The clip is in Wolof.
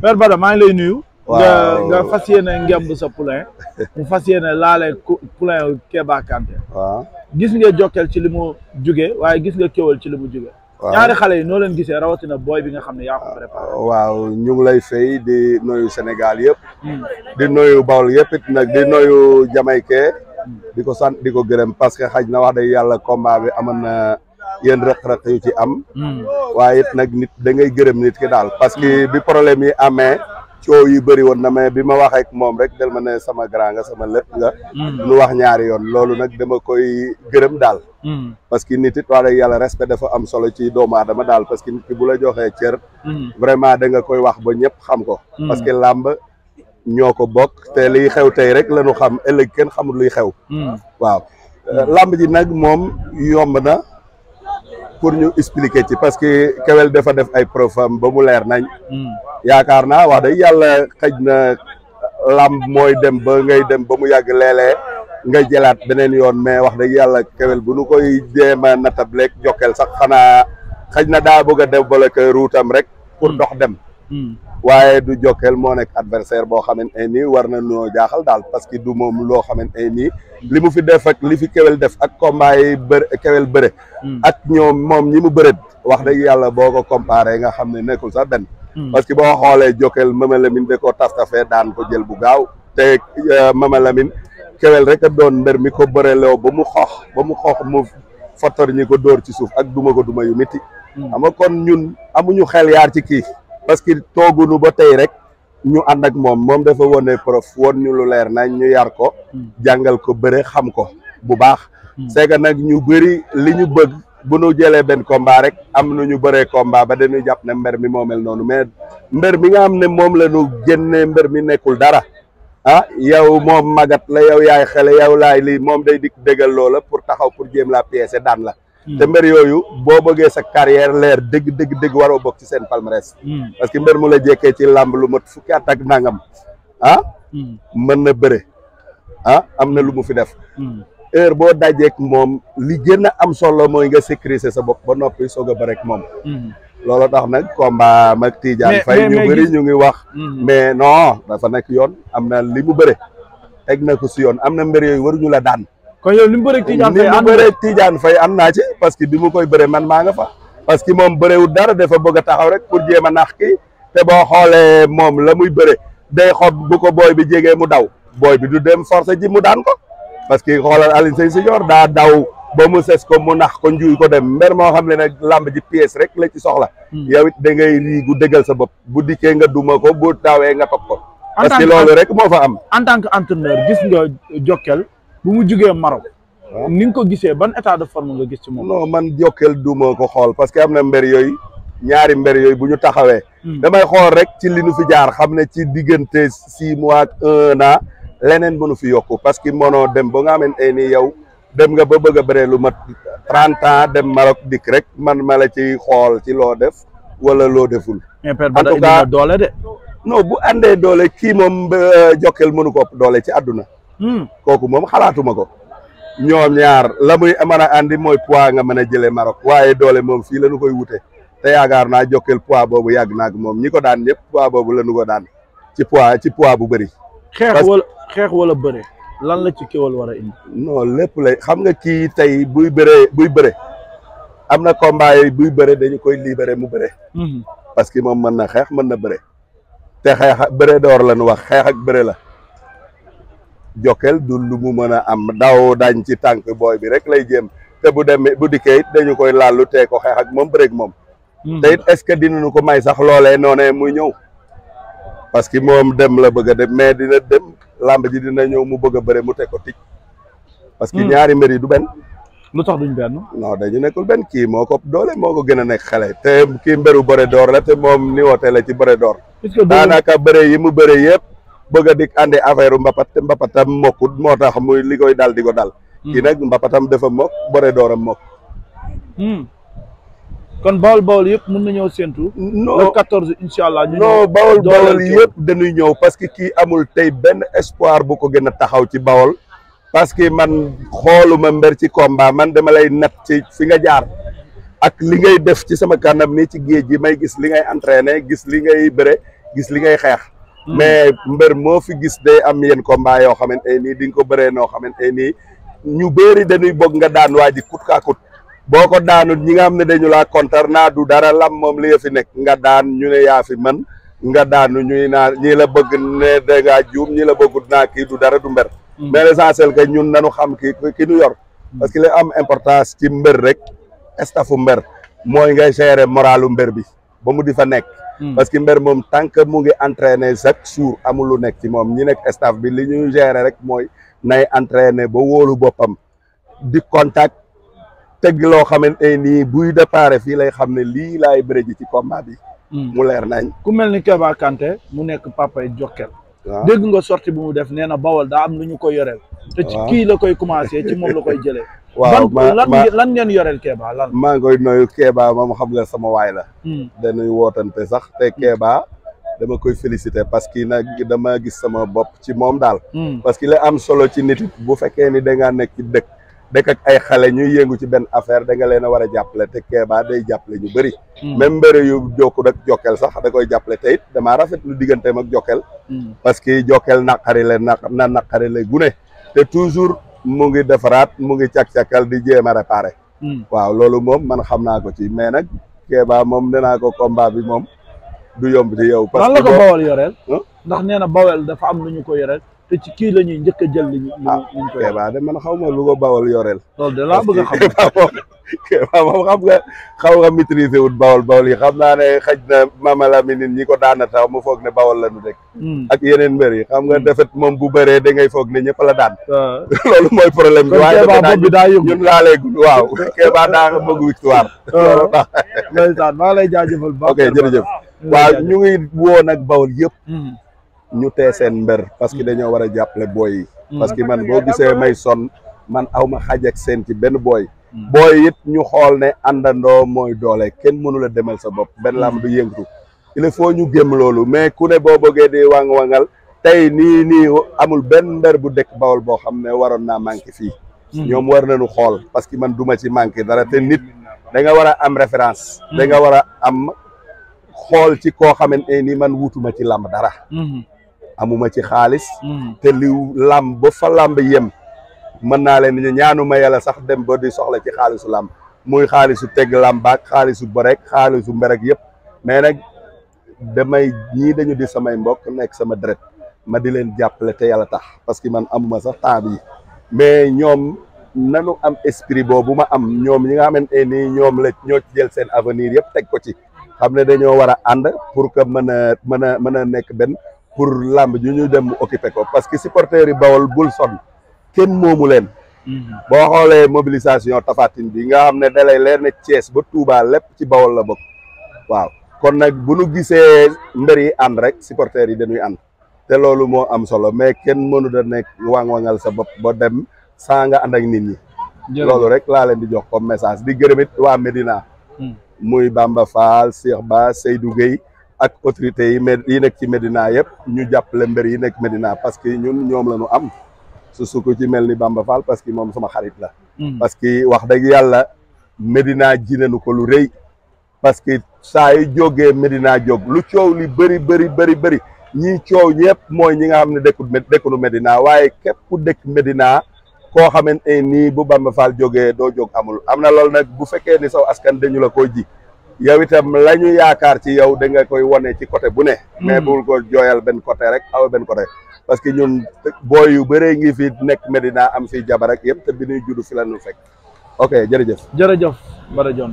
Père maa ngi lay nuyu. waaw nga fas yéene ngemb sa poulain. mu fas yéene laale poulain Keba Kanté. waaw gis nga Jokal ci li mu jóge waaye gis nga Kewal ci li mu jugee. waaw ñaari xale yi noo leen gisee rawatina booy bi nga xam ne yaa ko ah, préparé. waaw ñu lay fay di nuyu Sénégal yëpp. Hmm. di nuyu Bawol yëpp it nag di nuyu Jamaïque. Hmm. di ko sant di ko gërëm parce que xaj na wax dëgg yàlla komba bi amoon na. yéen rëq-rëq yu ci am hmm. waaye nag nit da ngay gërëm nit ki daal parce que bi problème yi amee coow yi bëri woon na mais bi ma wax moom rek del ma ne sama grand nga sama lépp nga hmm. nu wax ñaari yoon loolu nag dama koy gërëm daal hmm. parce que nit it wax dëgg yàlla respect dafa am solo ci doomu aadama daal parce que nit ki bu la joxee cër vraiment da nga koy wax ba ñëpp xam ko parce que làmb ñoo ko bokk te liy xew tey rek la ñu xam ëllëg kenn xamul luy xew waaw làmb ji nag moom pour ñu expliquer ci parce que Kewel dafa def ay profam ba mu leer nañ. yaakaar naa wax dëgg yàlla xaj na làmb mooy dem ba ngay dem ba mu yàgg léeg nga jëlaat beneen yoon mais wax dëgg yàlla Kewel bu nu koy jéem a natableeg Jokal sax xanaa xëj na daa bëgg a développé ruutam rek. pour ndox hmm. dem. waaye du Jokal moo nekk adversaire boo xamante ne nii war na noo jaaxal daal parce que du moom loo xamante ne nii li mu fi def ak li fi kewel def ak combat yi bëre kewel bëre mm. ak ñoom moom ñi mu bëre wax dëgg yàlla boo ko comparé nga xam ne nekkul sax benn mm. parce que boo xoolee Jokal Mama Lamine de ko tas tastafee daan ko jël bu gaaw te euh, Mama Lamine kewel rek a doon mbër mi ko bëreloo ba mu xoox ba mu xoox mu fottor ñi ko dóor ci suuf ak duma ko duma yu métti xam mm. kon ñun parce que toogunu ba tey rek ñu ànd ak moom moom dafa wone prof woon ñu lu leer nañ ñu yar ko jàngal ko bëre xam ko bu baax c'est nag ñu bëri li ñu bëgg bu nu jëlee benn combat rek am na ñu bëree combat ba dañuy jàpp na mber mi moo mel noonu mais mbër mi nga xam ne moom la ñu génnee mbër mi nekkul dara ah yow moom magat la yow yaay xale yaw laay lii moom day dikk dëggal loola pour taxaw pour jéem la pièce daan la Hmm. te mbër yooyu boo bëggee sa carrière leer dëgg dëgg dëgg waroo bokk ci seen palmarès. Hmm. parce que mbër mu la jekkee ci làmb lu mat fukki at ak nangam ah. Hmm. mën na bëre ah am na lu mu fi def. heure boo dajeek moom li gën a am solo mooy nga sécuriser sa bopp ba noppi soog a bërek moom. loolu tax nag combat mag Tidiane Faye ñu bëri ñu ngi wax. mais non dafa nag yoon am na li mu bëre. teg na ko si yoon am na mbër yooyu waruñu la daan. kon yow li mu bëree Tidiane Faye ni mu bëree Tidiane Faye naa ci parce que bi mu koy bëree man maa nga fa parce que moom bëreewul dara dafa bëgg a taxaw rek pour jéem a nax kii te boo xoolee moom la muy bëre day xob bu ko booy bi jegee mu daw booy bi du dem force ji mu daan ko parce que xoolal Alioune Seye Senior daa daw ba mu sees ko mu nax ko njuuy ko dem mber moo xam ne nag làmb ji pièce rek la ci soxla hmm. yow it da ngay riigu dëggal sa bopp bu dikkee nga duma ko bu tawee nga topp ko parce que rek moo fa am en tant que entraîneur gis nga Jokal bu mu jugee Maroc. Ah. ni nga ko gisee ban état de forme nga gis ci moom. non man Jokal duma ko xool parce que am na mbër yooyu ñaari mbër yooyu bu ñu taxawee. Hmm. damay xool rek ci li nu fi jaar xam ne ci diggante six mois ak un an leneen mënu fi yokku parce que mënoo dem ba nga xamante ni yow dem nga ba bëgg a bëree lu mat trente ans dem Maroc dikk rek man ma la ci xool ci loo def wala loo deful. en tout cas doole de. non bu àndee doole kii moom euh, Jokal mënu ko doole ci àdduna. Hmm. kooku moom xalaatuma ko ñoom ñaar la muy mën a andi mooy poids nga mën a jëlee Maroc waaye doole moom fii la ñu koy wute te yaakaar naa jokkeel pois boobu yàgg naag moom ñi ko daan ñëpp poids boobu la ñu ko daan ci pois ci poids bu bëri. xeex wala xeex wala bëre lan la ci kéwal war a indi. non lépp lay xam nga kii tey buy bëre buy bëre am na combat yi buy bëre dañu koy libéré mu bëre. Hmm. parce que moom mën na xeex mën na bëre. te xeex bëre door la ñu wax xeex ak bëre la. Jokkel du lu mu mën am daw dañ ci tànk booy bi rek lay jéem te bu demee bu dikkee it dañu koy laalu tee ko xeex ak moom bëreeg moom. Hmm. te it est ce que dinañu ko may sax loolee noonee muy ñëw. parce que moom dem la bëgg a dem mais dina dem làmb ji dina ñëw mu bëgg a bëre mu teg ko tic. parce que hmm. ñaari mbir yi du benn. lu tax duñ benn. non dañu nekkul benn kii moo ko doole moo ko gën a nekk xale te kii mberu bëre door la te moom ni woote la ci bëre door. daanaka yi mu bëre yëpp. bëgg a dik àndee affaire mbapat mbapatam mokkut moo tax muy li koy dal di ko dal hmm. kii nag mbapatam defa mokk bore dooram mokk hmm. kon bawol bawol yëpp mën na ñëw séntu non allah ñu non bawol bawol yëpp dañuy ñëw parce que kii amul tey benn espoir bu ko gën a taxaw ci bawol parce que man xooluma mbër ci combat man dama lay nat ci fi nga jaar ak li ngay def ci sama kanam ni ci géej gi may gis li ngay entraîné gis li ngay bëre gis li ngay xeex mais mbër moo fi gis day am yenn combat yoo xamante nii di nga ko bëree noo xamante nii ñu bëri dañuy bëgg nga daan waa ji kut kaa kut boo ko daanut ñi nga xam ne dañu laa kontar naa du dara lam moom li fi nekk nga daan ñu ne yaa fi man nga daanu ñuy naan ñii la bëgg ne da ngaa juum ñii la bëggut naa kii du dara du mbër mm. mais l'essentiel que ñun nañu xam ki ki nu yor mm. parce que li am importance ci mbër rek staffu mbër mooy ngay gérer moralu mbër bi ba mu di fa nekk hmm. parce que mber moom tant que mu ngi entraîné chaque jour amul lu nekk ci moom ñu nekk staff bi li ñuy gérer rek mooy nay entraîné ba wóolu boppam di contact teg loo xamante nii buy départ fii lay xam ne lii laay bëre ji ci combat bi hmm. mu leer nañ ku mel ni Keba Kanté mu nekk papay Jokkel dégg nga sorti bu mu def nee na Bawol daa am lu ñu ko yoreel te ci kii la koy commencé ci moom la koy jëlee. waaw lan lan ngeen yoreel Kéba lan. maa ngi koy nuyu Kéba moom xam nga sama waay la. Hmm. dañuy wootante sax te hmm. Kéba dama koy féliciter parce que nag dama gis sama bopp ci moom daal. Hmm. parce que la am solo ci nit bu fekkee ni da ngaa nekk ci dëkk. dëkk ak ay xale ñuy yëngu ci benn affaire da nga leen a war a jàppale te Kéba day jàppale ñu bëri. même mbëri yu jokku ak Jokal sax da koy jàppale te it damaa rafet lu digganteem ak Jokal. parce que Jokal naqari la na naqari la gune. te toujours mu ngi defaraat mu ngi cak-cakal di jéem a réparé hmm. waaw loolu moom man xam naa ko ci mais nag Kéba moom nee naa ko combat bi moom du yomb ci yow. parce que lan la ko Bawol yoreel. ndax nee na Bawol dafa am lu ñu ko yoreel. te ci kii la ñuy njëkk a jël li ñu. Ah, ñu koy Kéba de man xaw ma lu ko bawal yoreel. loolu de laa bëgg a xam Kéba moom xam nga xaw nga maîtriser wut bawal bawal yi xam naa ne xaj na Mama Lamine nit ñi ko daana taw mu foog ne bawal la ñu rek. Hmm. ak yeneen mbër yi xam nga hmm. defet moom bu bëree da foog ne ñëpp la daan. Ah. loolu mooy problème bi. waaye defe naa ñun laa lay gudd waaw Kéba daa bëgg victoire. Ah. loolu tax maa lay jaajëfal. ok jërëjëf waaw ñu ngi woo nag bawal yëpp. Hmm. ñu tee seen mbër parce que dañoo war a jàppale booy yi mm. parce man boo gisee may son man awma xaj ak seen ci benn booy mm. booy it ñu xool ne àndandoo mooy doole kenn mënula demal sa bopp benn lam du yëngatu il faut ñu gëm loolu mais ku ne boo bëggee di wang-wangal tey nii nii amul benn mbër bu dëkk bawol boo xam ne waroon naa manqué fii mm. ñoom war na nañu xool parce que man duma ci manqué dara te nit da nga war a am référence da nga war a am xool ci koo xamante ni man wutuma ci làmb dara amuma ci xaalis hmm. te liw làmb ba fa làmb yem mën naa leen ñu ñaanuma yàlla sax dem ba di soxla ci xaalisu làmb muy xaalisu teg làmb ak xaalisu bërek xaalisu mberek yëpp mais nag damay ñii dañu di samay mbokk nekk sama deret ma di leen jàppale te yàlla tax parce que man amuma sax temps yi mais ñoom nanu am esprit boobu ma am ñoom ñi nga xamante nii ñoom la ñoo jël seen avenir yëpp teg ko ci xam ne dañoo war a ànd pour que mën a mën a mën a nekk benn pour làmb ju ñu dem occupé ko parce que supporters yi bawol bul sonn kenn moomu leen mhm. boo xoolee mobilisation tafatin bi nga xam ne dalay leer ne Thiès ba Touba lépp ci bawol la bokk waaw kon nag bu nu gisee mbër yi ànd rek supporters yi dañuy ànd te loolu moo am solo mais kenn mënu da nekk wang-wangal sa bopp ba dem saa nga ànd ak nit ñi loolu rek laa leen di jox comme message di gërëmit waa Médina hmm. muy Bamba Fall Cheikh Ba Seydou Gueye ak autorités yi med yi nekk ci Medina yëpp ñu jàppale mbër yi nekk Medina parce que ñun ñoom la ñu am su su ci mel ni Bamba Fall parce que moom sama xarit la. Hmm. parce que wax dëgg yàlla Medina ji nañu ko lu rëy. parce que saa yu jógee Medina jóg lu coow li bëri bëri bëri bëri ñii coow ñëpp mooy ñi nga xam ne dëkku dëkkunu Medina waaye képp ku dëkk Medina koo xamante nii bu Bamba Fall jógee doo jóg amul am na loolu nag bu fekkee ni saw askan dañu la ko ji. yow itam la ñu yaakaar ci yow da nga koy wane ci côté bu ne. Mm. mais bul ko jooyal benn côté rek aw benn côté. parce que ñun booy yu bëree ngi fi nekk Medina am fi jabar ak yëpp te bi ñuy juddu fi la ñu fekk ok jërëjëf. jërëjëf Bada Dione